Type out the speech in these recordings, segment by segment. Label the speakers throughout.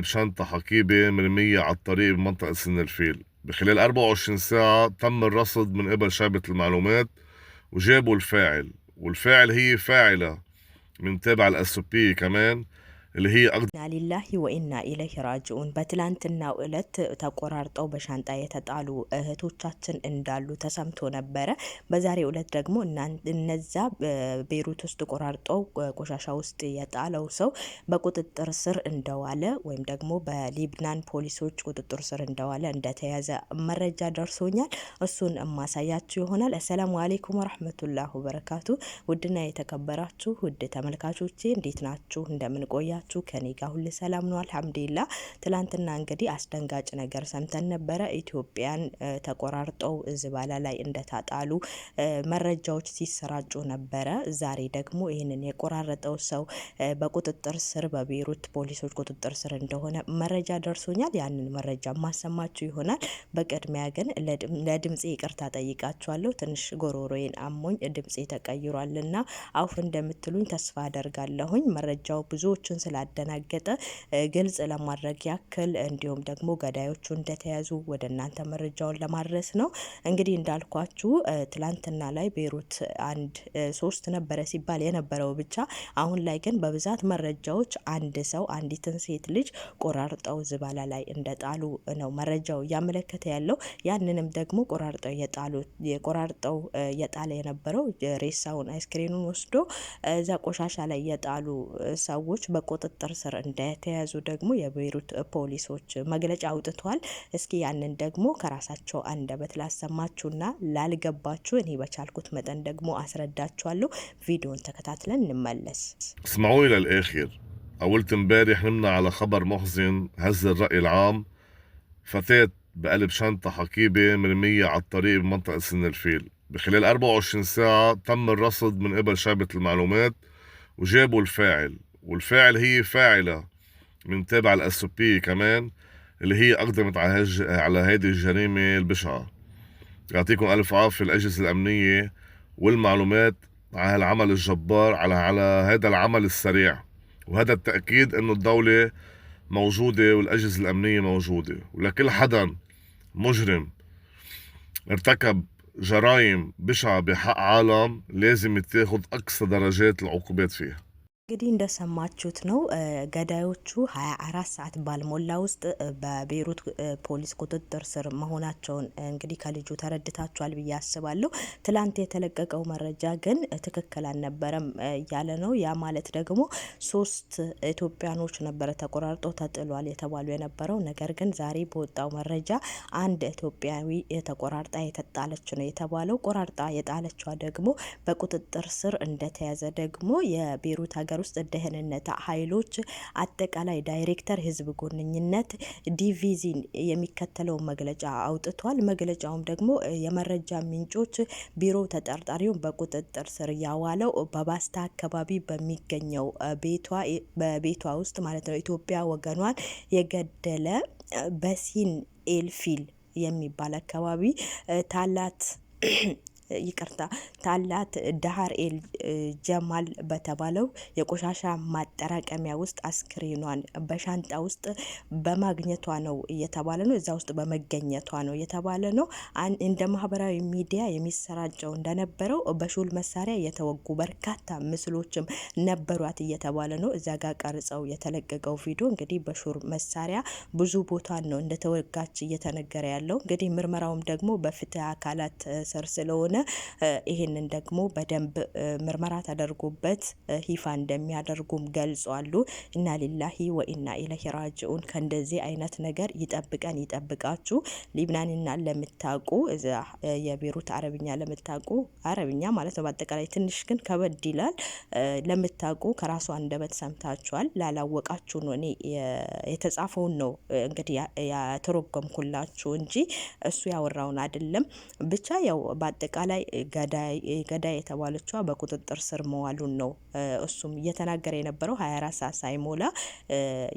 Speaker 1: بشنطة حقيبة مرمية على الطريق بمنطقة سن الفيل بخلال 24 ساعة تم الرصد من قبل شعبة المعلومات وجابوا الفاعل والفاعل هي فاعلة من تابع الاسوبي كمان
Speaker 2: ናሊላሂ ወኢና ኢለህ ራጅኡን በትላንትናው እለት ተቆራርጠው በሻንጣ የተጣሉ እህቶቻችን እንዳሉ ተሰምቶ ነበረ። በዛሬው እለት ደግሞ እነዛ ቤሩት ውስጥ ቆራርጠው ቆሻሻ ውስጥ የጣለው ሰው በቁጥጥር ስር እንደዋለ ወይም ደግሞ በሊብናን ፖሊሶች ቁጥጥር ስር እንደዋለ እንደተያዘ መረጃ ደርሶኛል። እሱን የማሳያችሁ ይሆናል። አሰላሙ አሌይኩም ወረህመቱላሁ በረካቱ። ውድና የተከበራችሁ ውድ ተመልካቾቼ እንዴት ናችሁ? እንደምንቆያ ናችሁ? ከኔ ጋር ሁሌ ሰላም ነው አልሐምዱሊላ። ትላንትና እንግዲህ አስደንጋጭ ነገር ሰምተን ነበረ። ኢትዮጵያን ተቆራርጠው ዝባላ ላይ እንደታጣሉ መረጃዎች ሲሰራጩ ነበረ። ዛሬ ደግሞ ይህንን የቆራረጠው ሰው በቁጥጥር ስር በቤሩት ፖሊሶች ቁጥጥር ስር እንደሆነ መረጃ ደርሶኛል። ያንን መረጃ ማሰማችሁ ይሆናል። በቅድሚያ ግን ለድምፄ ይቅርታ ጠይቃችኋለሁ። ትንሽ ጎሮሮዬን አሞኝ ድምፄ ተቀይሯልና አውፍ እንደምትሉኝ ተስፋ አደርጋለሁኝ። መረጃው ብዙዎችን ስለ ስላደናገጠ ግልጽ ለማድረግ ያክል እንዲሁም ደግሞ ገዳዮቹ እንደተያዙ ወደ እናንተ መረጃውን ለማድረስ ነው። እንግዲህ እንዳልኳችሁ ትላንትና ላይ ቤሩት አንድ ሶስት ነበረ ሲባል የነበረው ብቻ፣ አሁን ላይ ግን በብዛት መረጃዎች አንድ ሰው አንዲትን ሴት ልጅ ቆራርጠው ዝባላ ላይ እንደጣሉ ነው መረጃው እያመለከተ ያለው። ያንንም ደግሞ ቆራርጠው የጣሉ የቆራርጠው የጣለ የነበረው ሬሳውን አይስክሬኑን ወስዶ እዛ ቆሻሻ ላይ የጣሉ ሰዎች በቆ በቁጥጥር ስር እንደተያዙ ደግሞ የቤይሩት ፖሊሶች መግለጫ አውጥቷል። እስኪ ያንን ደግሞ ከራሳቸው አንደበት ላሰማችሁና ላልገባችሁ እኔ በቻልኩት መጠን ደግሞ አስረዳችኋለሁ። ቪዲዮን ተከታትለን እንመለስ።
Speaker 1: اسمعوني للآخر قولت امبارح نمنا على خبر محزن هز الرأي العام فتاة بقلب شنطة حقيبة مرمية على الطريق بمنطقة سن الفيل بخلال 24 ساعة تم الرصد من قبل شعبة المعلومات وجابوا الفاعل والفاعل هي فاعلة من تابع الاس بي كمان اللي هي اقدمت على هج... على هذه الجريمة البشعة يعطيكم الف عافية الاجهزة الامنية والمعلومات على هالعمل الجبار على على هذا العمل السريع وهذا التأكيد انه الدولة موجودة والاجهزة الامنية موجودة ولكل حدا مجرم ارتكب جرائم بشعة بحق عالم لازم يتاخد أقصى درجات العقوبات فيها
Speaker 2: እንግዲህ እንደሰማችሁት ነው ገዳዮቹ 24 ሰዓት ባልሞላ ውስጥ በቤሩት ፖሊስ ቁጥጥር ስር መሆናቸውን እንግዲህ ከልጁ ተረድታችኋል ብዬ አስባለሁ። ትላንት የተለቀቀው መረጃ ግን ትክክል አልነበረም እያለ ነው። ያ ማለት ደግሞ ሶስት ኢትዮጵያኖች ነበረ ተቆራርጦ ተጥሏል የተባሉ የነበረው ነገር ግን ዛሬ በወጣው መረጃ አንድ ኢትዮጵያዊ ተቆራርጣ የተጣለች ነው የተባለው። ቆራርጣ የጣለችዋ ደግሞ በቁጥጥር ስር እንደተያዘ ደግሞ የቤሩት ሀገር የሀገር ውስጥ ደህንነት ኃይሎች አጠቃላይ ዳይሬክተር ህዝብ ግንኙነት ዲቪዚን የሚከተለውን መግለጫ አውጥቷል። መግለጫውም ደግሞ የመረጃ ምንጮች ቢሮ ተጠርጣሪውን በቁጥጥር ስር ያዋለው በባስታ አካባቢ በሚገኘው በቤቷ ውስጥ ማለት ነው ኢትዮጵያ ወገኗን የገደለ በሲን ኤልፊል የሚባል አካባቢ ታላት ይቅርታ ታላት ዳሃር ኤል ጀማል በተባለው የቆሻሻ ማጠራቀሚያ ውስጥ አስክሬኗን በሻንጣ ውስጥ በማግኘቷ ነው እየተባለ ነው። እዛ ውስጥ በመገኘቷ ነው እየተባለ ነው። እንደ ማህበራዊ ሚዲያ የሚሰራጨው እንደነበረው በሹል መሳሪያ የተወጉ በርካታ ምስሎችም ነበሯት እየተባለ ነው። እዛ ጋር ቀርጸው የተለቀቀው ቪዲዮ እንግዲህ በሹል መሳሪያ ብዙ ቦታን ነው እንደተወጋች እየተነገረ ያለው። እንግዲህ ምርመራውም ደግሞ በፍትህ አካላት ስር ስለሆነ ከሆነ ይህንን ደግሞ በደንብ ምርመራ ተደርጎበት ይፋ እንደሚያደርጉም ገልጿሉ። ኢና ሊላሂ ወኢና ኢለይሂ ራጅኡን። ከእንደዚህ አይነት ነገር ይጠብቀን ይጠብቃችሁ። ሊብናንና ለምታውቁ የቤሩት አረብኛ ለምታውቁ አረብኛ ማለት ነው በአጠቃላይ ትንሽ ግን ከበድ ይላል ለምታውቁ ከራሱ አንደበት ሰምታችኋል። ላላወቃችሁ ነው እኔ የተጻፈውን ነው እንግዲህ ያተረጎምኩላችሁ እንጂ እሱ ያወራውን አይደለም። ብቻ ያው በአጠቃላይ ላይ ገዳ ገዳይ የተባለችዋ በቁጥጥር ስር መዋሉን ነው እሱም እየተናገረ የነበረው 24 ሰዓት ሳይሞላ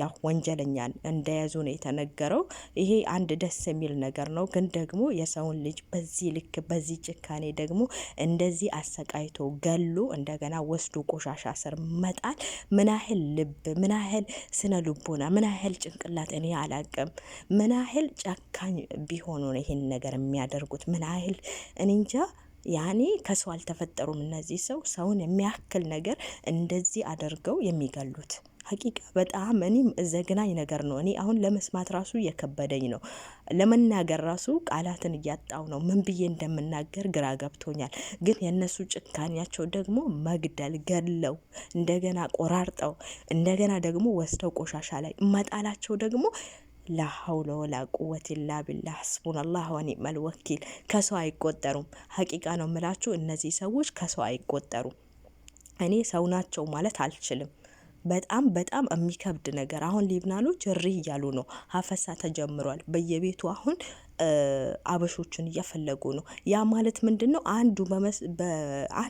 Speaker 2: ያ ወንጀለኛን እንደያዙ ነው የተነገረው። ይሄ አንድ ደስ የሚል ነገር ነው። ግን ደግሞ የሰውን ልጅ በዚህ ልክ በዚህ ጭካኔ ደግሞ እንደዚህ አሰቃይቶ ገሎ እንደገና ወስዶ ቆሻሻ ስር መጣል ምን ያህል ልብ ምን ያህል ስነ ልቦና ምን ያህል ጭንቅላት እኔ አላቅም። ምን ያህል ጨካኝ ቢሆኑ ነው ይሄን ነገር የሚያደርጉት? ምን ያህል እኔ እንጃ። ያኔ ከሰው አልተፈጠሩም። እነዚህ ሰው ሰውን የሚያክል ነገር እንደዚህ አድርገው የሚገሉት ሀቂቃ በጣም እኔም ዘግናኝ ነገር ነው። እኔ አሁን ለመስማት ራሱ እየከበደኝ ነው። ለመናገር ራሱ ቃላትን እያጣው ነው። ምን ብዬ እንደምናገር ግራ ገብቶኛል። ግን የእነሱ ጭካኔያቸው ደግሞ መግደል፣ ገለው፣ እንደገና ቆራርጠው፣ እንደገና ደግሞ ወስደው ቆሻሻ ላይ መጣላቸው ደግሞ ላ ሀውለ ወላ ቁወት ላ ቢላህ ሐስቡን አላህ ወኒዕመል ወኪል ከሰው አይቆጠሩም። ሀቂቃ ነው የምላችሁ፣ እነዚህ ሰዎች ከሰው አይቆጠሩም። እኔ ሰው ናቸው ማለት አልችልም። በጣም በጣም የሚከብድ ነገር። አሁን ሊብናኖች እሪ እያሉ ነው። ሀፈሳ ተጀምሯል። በየቤቱ አሁን አበሾቹን እየፈለጉ ነው። ያ ማለት ምንድን ነው?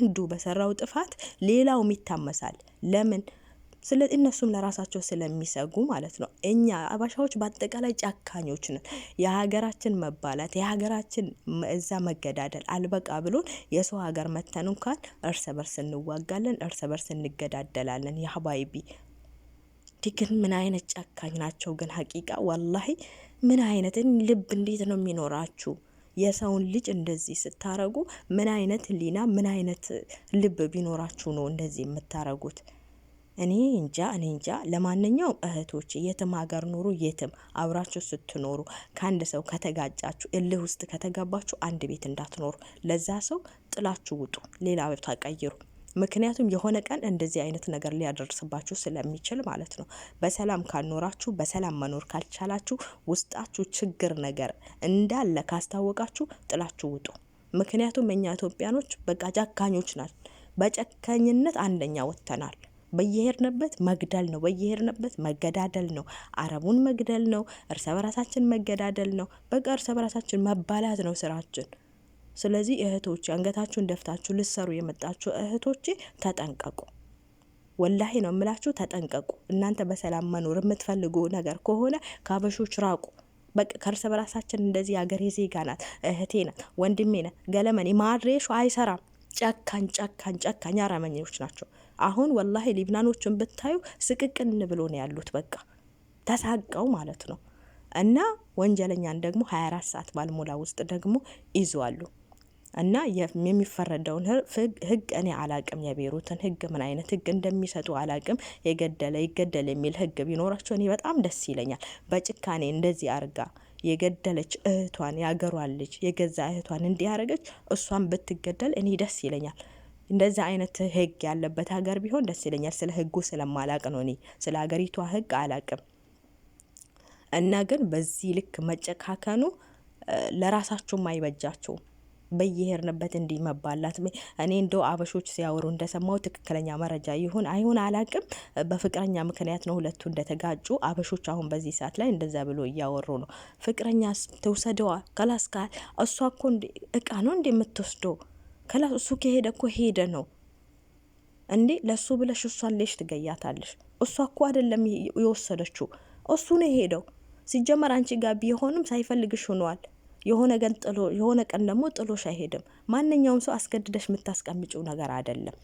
Speaker 2: አንዱ በሰራው ጥፋት ሌላውም ይታመሳል። ለምን ስለ እነሱም ለራሳቸው ስለሚሰጉ ማለት ነው። እኛ አባሻዎች በአጠቃላይ ጨካኞች ነን። የሀገራችን መባላት፣ የሀገራችን እዛ መገዳደል አልበቃ ብሎን የሰው ሀገር መተን እንኳን እርስ በርስ እንዋጋለን፣ እርስ በርስ እንገዳደላለን። የሀባይቢ ግን ምን አይነት ጨካኝ ናቸው ግን ሀቂቃ ወላሂ ምን አይነት ልብ እንዴት ነው የሚኖራችሁ? የሰውን ልጅ እንደዚህ ስታረጉ ምን አይነት ህሊና ምን አይነት ልብ ቢኖራችሁ ነው እንደዚህ የምታረጉት? እኔ እንጃ እኔ እንጃ። ለማንኛውም እህቶች የትም ሀገር ኑሩ፣ የትም አብራችሁ ስትኖሩ ከአንድ ሰው ከተጋጫችሁ፣ እልህ ውስጥ ከተገባችሁ አንድ ቤት እንዳትኖሩ። ለዛ ሰው ጥላችሁ ውጡ፣ ሌላ ቦታ ቀይሩ። ምክንያቱም የሆነ ቀን እንደዚህ አይነት ነገር ሊያደርስባችሁ ስለሚችል ማለት ነው። በሰላም ካልኖራችሁ፣ በሰላም መኖር ካልቻላችሁ፣ ውስጣችሁ ችግር ነገር እንዳለ ካስታወቃችሁ ጥላችሁ ውጡ። ምክንያቱም እኛ ኢትዮጵያኖች በቃ ጨካኞች ናል። በጨካኝነት አንደኛ ወጥተናል። በየሄድንበት መግደል ነው። በየሄድንበት መገዳደል ነው። አረቡን መግደል ነው። እርሰ በራሳችን መገዳደል ነው። በቃ እርሰ በራሳችን መባላት ነው ስራችን። ስለዚህ እህቶች አንገታችሁን ደፍታችሁ ልሰሩ የመጣችሁ እህቶቼ ተጠንቀቁ። ወላሂ ነው የምላችሁ፣ ተጠንቀቁ። እናንተ በሰላም መኖር የምትፈልጉ ነገር ከሆነ ከአበሾች ራቁ። በቃ ከእርሰ በራሳችን እንደዚህ የአገሬ ዜጋ ናት፣ እህቴ ናት፣ ወንድሜ ናት፣ ገለመኔ ማድሬሹ አይሰራም። ጨካኝ ጨካኝ ጨካኝ አረመኔዎች ናቸው። አሁን ወላሂ ሊብናኖችን ብታዩ ስቅቅን ብሎ ነው ያሉት። በቃ ተሳቀው ማለት ነው። እና ወንጀለኛን ደግሞ 24 ሰዓት ባልሞላ ውስጥ ደግሞ ይዟሉ። እና የሚፈረደውን ህግ እኔ አላቅም። የቤሩትን ህግ ምን አይነት ህግ እንደሚሰጡ አላቅም። የገደለ ይገደል የሚል ህግ ቢኖራቸው እኔ በጣም ደስ ይለኛል። በጭካኔ እንደዚህ አርጋ የገደለች እህቷን ያገሯን ልጅ የገዛ እህቷን እንዲያደረገች እሷን ብትገደል እኔ ደስ ይለኛል። እንደዚህ አይነት ህግ ያለበት ሀገር ቢሆን ደስ ይለኛል። ስለ ህጉ ስለማላቅ ነው እኔ ስለ ሀገሪቷ ህግ አላቅም። እና ግን በዚህ ልክ መጨካከኑ ለራሳችሁም አይበጃቸውም። በየሄርንበት እንዲህ መባላት። እኔ እንደው አበሾች ሲያወሩ እንደሰማው ትክክለኛ መረጃ ይሁን አይሁን አላቅም። በፍቅረኛ ምክንያት ነው ሁለቱ እንደተጋጩ አበሾች አሁን በዚህ ሰዓት ላይ እንደዛ ብሎ እያወሩ ነው። ፍቅረኛ ትውሰደዋ ከላስካል እሷ እኮ እቃ ነው እንዴ የምትወስደው? ከላስ እሱ ከሄደ እኮ ሄደ ነው እንዴ ለእሱ ብለሽ እሷን ሌሽ ትገያታለሽ? እሷ እኮ አይደለም የወሰደችው፣ እሱ ነው የሄደው። ሲጀመር አንቺ ጋር ቢሆንም ሳይፈልግሽ ሆኗል። የሆነ ቀን ጥሎ የሆነ ቀን ደግሞ ጥሎሽ አይሄድም። ማንኛውም ሰው አስገድደሽ የምታስቀምጪው ነገር አይደለም።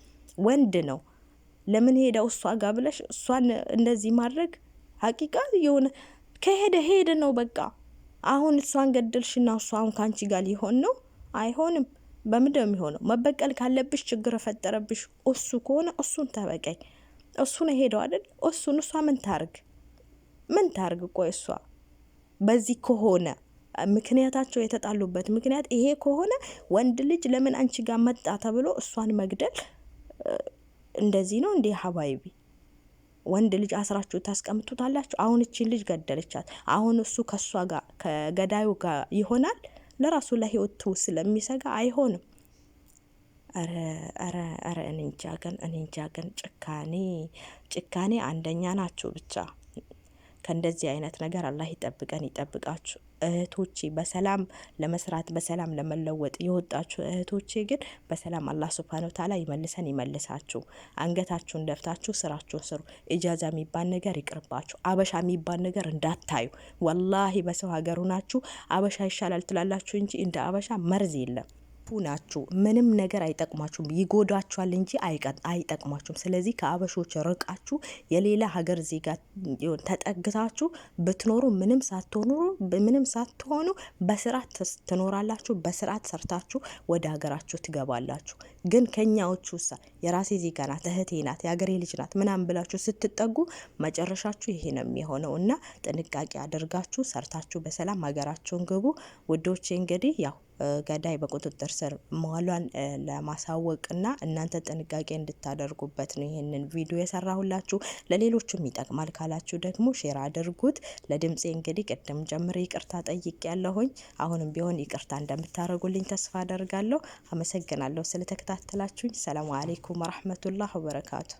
Speaker 2: ወንድ ነው። ለምን ሄደው እሷ ጋ ብለሽ እሷን እንደዚህ ማድረግ ሀቂቃ የሆነ ከሄደ ሄደ ነው በቃ። አሁን እሷን ገድልሽና እሷ አሁን ከአንቺ ጋር ሊሆን ነው? አይሆንም። በምንድን ነው የሚሆነው? መበቀል ካለብሽ ችግር የፈጠረብሽ እሱ ከሆነ እሱን ተበቀይ። እሱ ነው ሄደው አይደል? እሱን እሷ ምን ታርግ? ምን ታርግ? ቆይ እሷ በዚህ ከሆነ ምክንያታቸው የተጣሉበት ምክንያት ይሄ ከሆነ ወንድ ልጅ ለምን አንቺ ጋር መጣ ተብሎ እሷን መግደል እንደዚህ ነው እንዴ ሀባይቢ? ወንድ ልጅ አስራችሁ ታስቀምጡታላችሁ። አሁን እቺን ልጅ ገደለቻት። አሁን እሱ ከእሷ ጋር ከገዳዩ ጋር ይሆናል። ለራሱ ለህይወቱ ስለሚሰጋ አይሆንም። ኧረ እኔ እንጃ ግን እንጃ ግን ጭካኔ ጭካኔ አንደኛ ናችሁ። ብቻ ከእንደዚህ አይነት ነገር አላህ ይጠብቀን፣ ይጠብቃችሁ። እህቶቼ በሰላም ለመስራት በሰላም ለመለወጥ የወጣችሁ እህቶቼ ግን በሰላም አላህ ሱብሃነሁ ወተዓላ ይመልሰን ይመልሳችሁ። አንገታችሁን ደፍታችሁ ስራችሁን ስሩ። ኢጃዛ የሚባል ነገር ይቅርባችሁ። አበሻ የሚባል ነገር እንዳታዩ። ወላሂ በሰው ሀገር ሁናችሁ አበሻ ይሻላል ትላላችሁ እንጂ እንደ አበሻ መርዝ የለም። ከፉ ናችሁ፣ ምንም ነገር አይጠቅማችሁም፣ ይጎዳችኋል እንጂ አይጠቅማችሁም። ስለዚህ ከአበሾች ርቃችሁ የሌላ ሀገር ዜጋ ተጠግታችሁ ብትኖሩ ምንም ሳትሆኑ ምንም ሳትሆኑ በስርዓት ትኖራላችሁ። በስርዓት ሰርታችሁ ወደ ሀገራችሁ ትገባላችሁ። ግን ከኛዎቹ ውሳ የራሴ ዜጋ ናት፣ እህቴ ናት፣ የሀገሬ ልጅ ናት ምናምን ብላችሁ ስትጠጉ መጨረሻችሁ ይሄ ነው የሚሆነው እና ጥንቃቄ አድርጋችሁ ሰርታችሁ በሰላም ሀገራችሁን ግቡ ውዶቼ። እንግዲህ ያው ገዳይ በቁጥጥር ስር መዋሏን ለማሳወቅና እናንተ ጥንቃቄ እንድታደርጉበት ነው ይህንን ቪዲዮ የሰራሁላችሁ። ለሌሎቹም ይጠቅማል ካላችሁ ደግሞ ሼር አድርጉት። ለድምፄ እንግዲህ ቅድም ጀምሬ ይቅርታ ጠይቅ ያለሁኝ አሁንም ቢሆን ይቅርታ እንደምታደርጉልኝ ተስፋ አደርጋለሁ። አመሰግናለሁ ስለተከታተላችሁኝ። ሰላሙ አሌይኩም ወረህመቱላህ ወበረካቱ